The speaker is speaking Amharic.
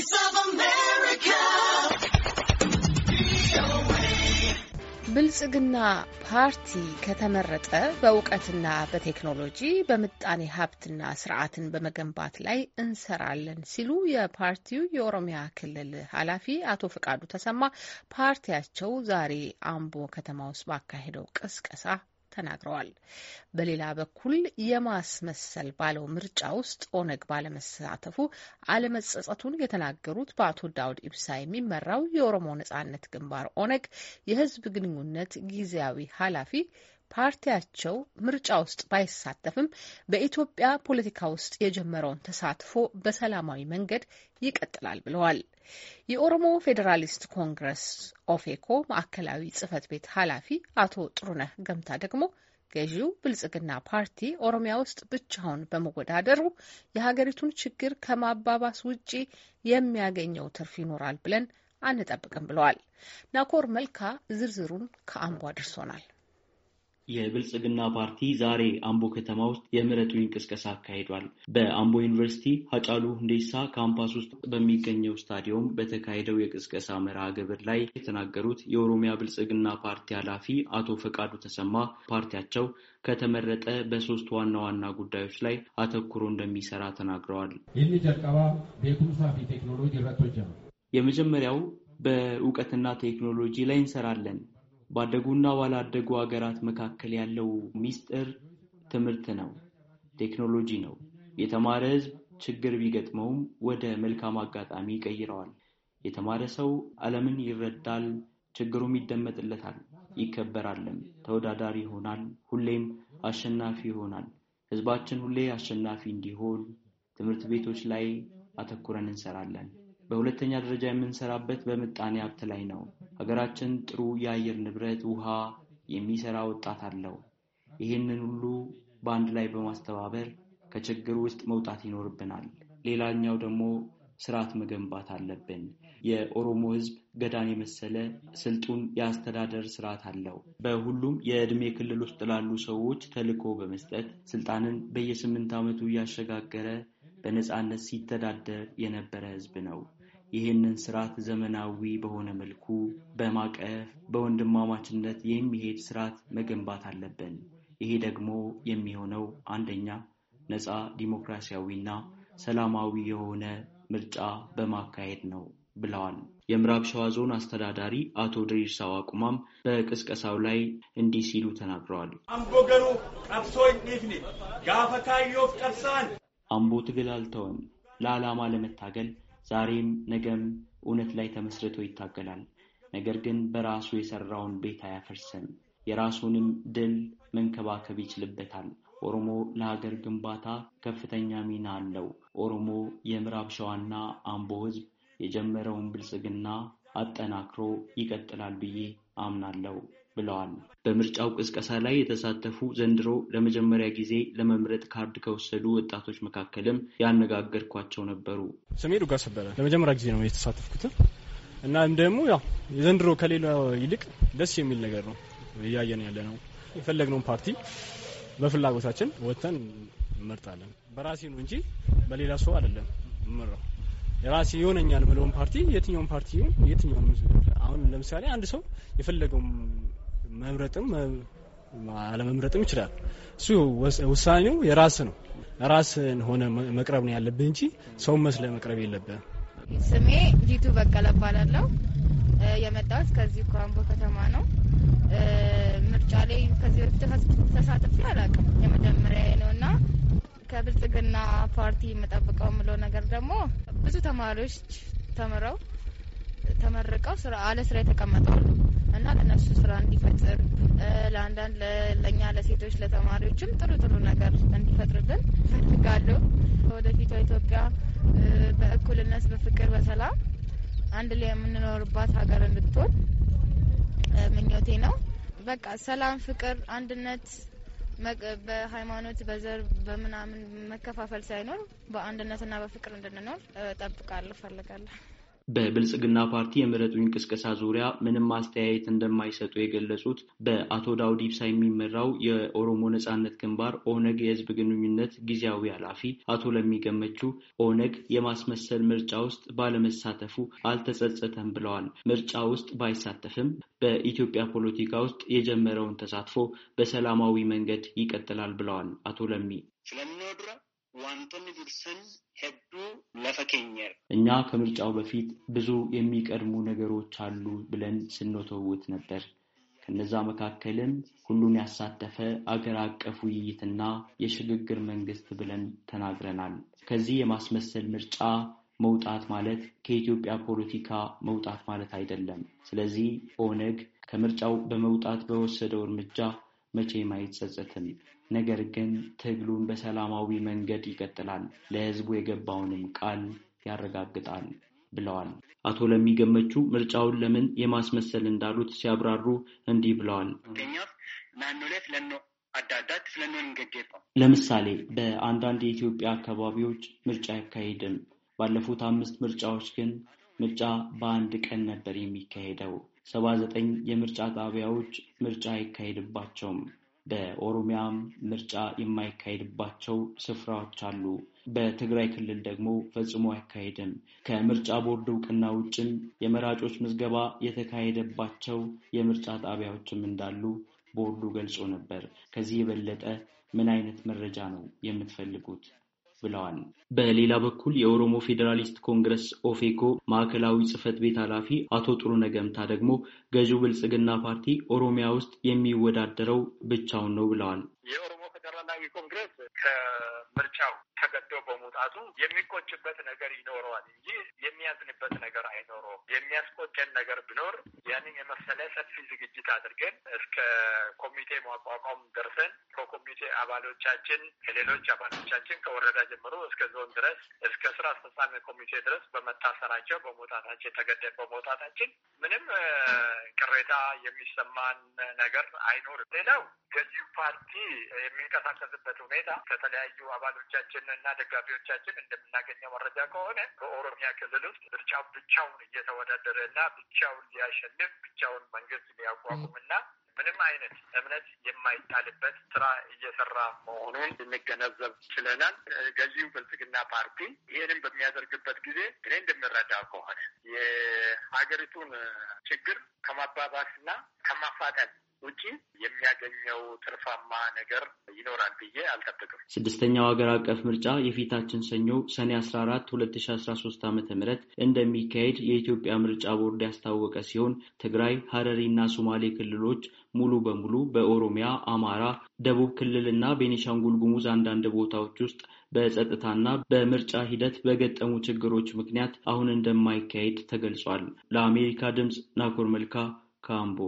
Voice of America. ብልጽግና ፓርቲ ከተመረጠ በእውቀትና በቴክኖሎጂ በምጣኔ ሀብትና ስርዓትን በመገንባት ላይ እንሰራለን ሲሉ የፓርቲው የኦሮሚያ ክልል ኃላፊ አቶ ፍቃዱ ተሰማ ፓርቲያቸው ዛሬ አምቦ ከተማ ውስጥ ባካሄደው ቅስቀሳ ተናግረዋል። በሌላ በኩል የማስመሰል ባለው ምርጫ ውስጥ ኦነግ ባለመሳተፉ አለመጸጸቱን የተናገሩት በአቶ ዳውድ ኢብሳ የሚመራው የኦሮሞ ነጻነት ግንባር ኦነግ የህዝብ ግንኙነት ጊዜያዊ ኃላፊ ፓርቲያቸው ምርጫ ውስጥ ባይሳተፍም በኢትዮጵያ ፖለቲካ ውስጥ የጀመረውን ተሳትፎ በሰላማዊ መንገድ ይቀጥላል ብለዋል። የኦሮሞ ፌዴራሊስት ኮንግረስ ኦፌኮ ማዕከላዊ ጽህፈት ቤት ኃላፊ አቶ ጥሩነህ ገምታ ደግሞ ገዢው ብልጽግና ፓርቲ ኦሮሚያ ውስጥ ብቻውን በመወዳደሩ የሀገሪቱን ችግር ከማባባስ ውጪ የሚያገኘው ትርፍ ይኖራል ብለን አንጠብቅም ብለዋል። ናኮር መልካ ዝርዝሩን ከአምቦ አድርሶናል። የብልጽግና ፓርቲ ዛሬ አምቦ ከተማ ውስጥ የምረጡኝ ቅስቀሳ አካሂዷል። በአምቦ ዩኒቨርሲቲ ሀጫሉ ሁንዴሳ ካምፓስ ውስጥ በሚገኘው ስታዲየም በተካሄደው የቅስቀሳ መርሃ ግብር ላይ የተናገሩት የኦሮሚያ ብልጽግና ፓርቲ ኃላፊ አቶ ፈቃዱ ተሰማ ፓርቲያቸው ከተመረጠ በሶስት ዋና ዋና ጉዳዮች ላይ አተኩሮ እንደሚሰራ ተናግረዋል። የመጀመሪያው በእውቀትና ቴክኖሎጂ ላይ እንሰራለን። ባደጉና ባላደጉ ሀገራት መካከል ያለው ሚስጥር ትምህርት ነው፣ ቴክኖሎጂ ነው። የተማረ ህዝብ ችግር ቢገጥመውም ወደ መልካም አጋጣሚ ይቀይረዋል። የተማረ ሰው ዓለምን ይረዳል፣ ችግሩም ይደመጥለታል፣ ይከበራልም፣ ተወዳዳሪ ይሆናል፣ ሁሌም አሸናፊ ይሆናል። ህዝባችን ሁሌ አሸናፊ እንዲሆን ትምህርት ቤቶች ላይ አተኩረን እንሰራለን። በሁለተኛ ደረጃ የምንሰራበት በምጣኔ ሀብት ላይ ነው። ሀገራችን ጥሩ የአየር ንብረት፣ ውሃ፣ የሚሰራ ወጣት አለው። ይህንን ሁሉ በአንድ ላይ በማስተባበር ከችግር ውስጥ መውጣት ይኖርብናል። ሌላኛው ደግሞ ስርዓት መገንባት አለብን። የኦሮሞ ህዝብ ገዳን የመሰለ ስልጡን የአስተዳደር ስርዓት አለው። በሁሉም የዕድሜ ክልል ውስጥ ላሉ ሰዎች ተልዕኮ በመስጠት ስልጣንን በየስምንት ዓመቱ እያሸጋገረ በነፃነት ሲተዳደር የነበረ ህዝብ ነው። ይህንን ስርዓት ዘመናዊ በሆነ መልኩ በማቀፍ በወንድማማችነት የሚሄድ ስርዓት መገንባት አለብን። ይሄ ደግሞ የሚሆነው አንደኛ ነፃ ዲሞክራሲያዊና ሰላማዊ የሆነ ምርጫ በማካሄድ ነው ብለዋል። የምዕራብ ሸዋ ዞን አስተዳዳሪ አቶ ድሪርሳው አቁማም በቅስቀሳው ላይ እንዲህ ሲሉ ተናግረዋል። አምቦ ገሩ ቀብሶ ይኒፍኒ ቀብሳን አምቦ ትግል አልተወን ለዓላማ ለመታገል ዛሬም ነገም እውነት ላይ ተመስርቶ ይታገላል። ነገር ግን በራሱ የሰራውን ቤት አያፈርስም። የራሱንም ድል መንከባከብ ይችልበታል። ኦሮሞ ለሀገር ግንባታ ከፍተኛ ሚና አለው። ኦሮሞ የምዕራብ ሸዋና አምቦ ሕዝብ የጀመረውን ብልጽግና አጠናክሮ ይቀጥላል ብዬ አምናለሁ። ብለዋል። በምርጫው ቅስቀሳ ላይ የተሳተፉ ዘንድሮ ለመጀመሪያ ጊዜ ለመምረጥ ካርድ ከወሰዱ ወጣቶች መካከልም ያነጋገርኳቸው ነበሩ። ስሜ ዱጋስ ነበረ። ለመጀመሪያ ጊዜ ነው የተሳተፍኩት እና ደግሞ ያው የዘንድሮ ከሌላው ይልቅ ደስ የሚል ነገር ነው እያየን ያለ ነው። የፈለግነውን ፓርቲ በፍላጎታችን ወጥተን እንመርጣለን። በራሴ ነው እንጂ በሌላ ሰው አይደለም እምራው የራሴ የሆነኛል ብለውን ፓርቲ የትኛውን ፓርቲ የትኛውን አሁን ለምሳሌ አንድ ሰው የፈለገውም መምረጥም አለመምረጥም ይችላል። እሱ ውሳኔው የራስ ነው። ራስን ሆነ መቅረብ ነው ያለብህ እንጂ ሰውን መስለ መቅረብ የለብህም። ስሜ ጂቱ በቀለ እባላለሁ። የመጣሁት ከዚህ ከአምቦ ከተማ ነው። ምርጫ ላይ ከዚህ በፊት ተሳትፌ አላውቅም፣ የመጀመሪያ ነው እና ከብልጽግና ፓርቲ የምጠብቀው የምለው ነገር ደግሞ ብዙ ተማሪዎች ተምረው ተመርቀው ስራ አለ ስራ የተቀመጠው አሉ እና ለእነሱ ስራ እንዲፈጥር ለአንዳንድ ለእኛ ለሴቶች ለተማሪዎችም ጥሩ ጥሩ ነገር እንዲፈጥርልን ፈልጋለሁ። ወደፊቷ ኢትዮጵያ በእኩልነት፣ በፍቅር፣ በሰላም አንድ ላይ የምንኖርባት ሀገር እንድትሆን ምኞቴ ነው። በቃ ሰላም፣ ፍቅር፣ አንድነት በሃይማኖት በዘር በምናምን መከፋፈል ሳይኖር በአንድነትና በፍቅር እንድንኖር ጠብቃለሁ፣ ፈልጋለሁ። በብልጽግና ፓርቲ የምረጡኝ ቅስቀሳ ዙሪያ ምንም አስተያየት እንደማይሰጡ የገለጹት በአቶ ዳውድ ኢብሳ የሚመራው የኦሮሞ ነጻነት ግንባር ኦነግ የህዝብ ግንኙነት ጊዜያዊ ኃላፊ አቶ ለሚገመቹ ኦነግ የማስመሰል ምርጫ ውስጥ ባለመሳተፉ አልተጸጸተም ብለዋል። ምርጫ ውስጥ ባይሳተፍም በኢትዮጵያ ፖለቲካ ውስጥ የጀመረውን ተሳትፎ በሰላማዊ መንገድ ይቀጥላል ብለዋል አቶ ለሚ እኛ ከምርጫው በፊት ብዙ የሚቀድሙ ነገሮች አሉ ብለን ስንወተውት ነበር። ከነዛ መካከልም ሁሉን ያሳተፈ አገር አቀፍ ውይይትና የሽግግር መንግስት ብለን ተናግረናል። ከዚህ የማስመሰል ምርጫ መውጣት ማለት ከኢትዮጵያ ፖለቲካ መውጣት ማለት አይደለም። ስለዚህ ኦነግ ከምርጫው በመውጣት በወሰደው እርምጃ መቼም አይጸጸትም። ነገር ግን ትግሉን በሰላማዊ መንገድ ይቀጥላል፣ ለህዝቡ የገባውንም ቃል ያረጋግጣል ብለዋል። አቶ ለሚገመቹ ምርጫውን ለምን የማስመሰል እንዳሉት ሲያብራሩ እንዲህ ብለዋል። ለምሳሌ በአንዳንድ የኢትዮጵያ አካባቢዎች ምርጫ አይካሄድም። ባለፉት አምስት ምርጫዎች ግን ምርጫ በአንድ ቀን ነበር የሚካሄደው። ሰባ ዘጠኝ የምርጫ ጣቢያዎች ምርጫ አይካሄድባቸውም። በኦሮሚያም ምርጫ የማይካሄድባቸው ስፍራዎች አሉ። በትግራይ ክልል ደግሞ ፈጽሞ አይካሄድም። ከምርጫ ቦርድ እውቅና ውጭም የመራጮች ምዝገባ የተካሄደባቸው የምርጫ ጣቢያዎችም እንዳሉ ቦርዱ ገልጾ ነበር። ከዚህ የበለጠ ምን አይነት መረጃ ነው የምትፈልጉት? ብለዋል። በሌላ በኩል የኦሮሞ ፌዴራሊስት ኮንግረስ ኦፌኮ ማዕከላዊ ጽህፈት ቤት ኃላፊ አቶ ጥሩ ነገምታ ደግሞ ገዢው ብልጽግና ፓርቲ ኦሮሚያ ውስጥ የሚወዳደረው ብቻውን ነው ብለዋል። የኦሮሞ ፌዴራላዊ ኮንግረስ ከምርጫው ተገደው በመውጣቱ የሚቆጭበት ነገር ይኖረዋል እንጂ የሚያዝንበት ነገር አይኖረውም። የሚያስቆጨን ነገር ቢኖር ያንን የመሰለ ሰፊ ዝግጅት አድርገን እስከ ኮሚቴ ማቋቋም ደርሰን ከኮሚቴ አባሎቻችን ከሌሎች አባሎቻችን ከወረዳ ጀምሮ እስከ ዞን ድረስ እስከ ስራ አስፈጻሚ ኮሚቴ ድረስ በመታሰራቸው በመውጣታቸው ተገደን በመውጣታችን ምንም ቅሬታ የሚሰማን ነገር አይኖርም። ሌላው ገዢው ፓርቲ የሚንቀሳቀስበት ሁኔታ ከተለያዩ አባሎቻችን እና ደጋፊዎቻችን እንደምናገኘው መረጃ ከሆነ በኦሮሚያ ክልል ውስጥ ምርጫው ብቻውን እየተወዳደረ እና ብቻውን ሊያሸንፍ ብቻውን መንግስት ሊያቋቁም እና ምንም አይነት እምነት የማይጣልበት ስራ እየሰራ መሆኑን ልንገነዘብ ችለናል። ገዢው ብልጽግና ፓርቲ ይህንም በሚያደርግበት ጊዜ እኔ እንደምረዳ ከሆነ የሀገሪቱን ችግር ከማባባስና ከማፋጠን ውጪ የሚያገኘው ትርፋማ ነገር ይኖራል ብዬ አልጠብቅም። ስድስተኛው ሀገር አቀፍ ምርጫ የፊታችን ሰኞ ሰኔ አስራ አራት ሁለት ሺ አስራ ሶስት እንደሚካሄድ የኢትዮጵያ ምርጫ ቦርድ ያስታወቀ ሲሆን ትግራይ፣ ሀረሪና ሶማሌ ክልሎች ሙሉ በሙሉ በኦሮሚያ፣ አማራ፣ ደቡብ ክልልና ቤኒሻንጉል ጉሙዝ አንዳንድ ቦታዎች ውስጥ በጸጥታና በምርጫ ሂደት በገጠሙ ችግሮች ምክንያት አሁን እንደማይካሄድ ተገልጿል። ለአሜሪካ ድምፅ ናኮር መልካ ካምቦ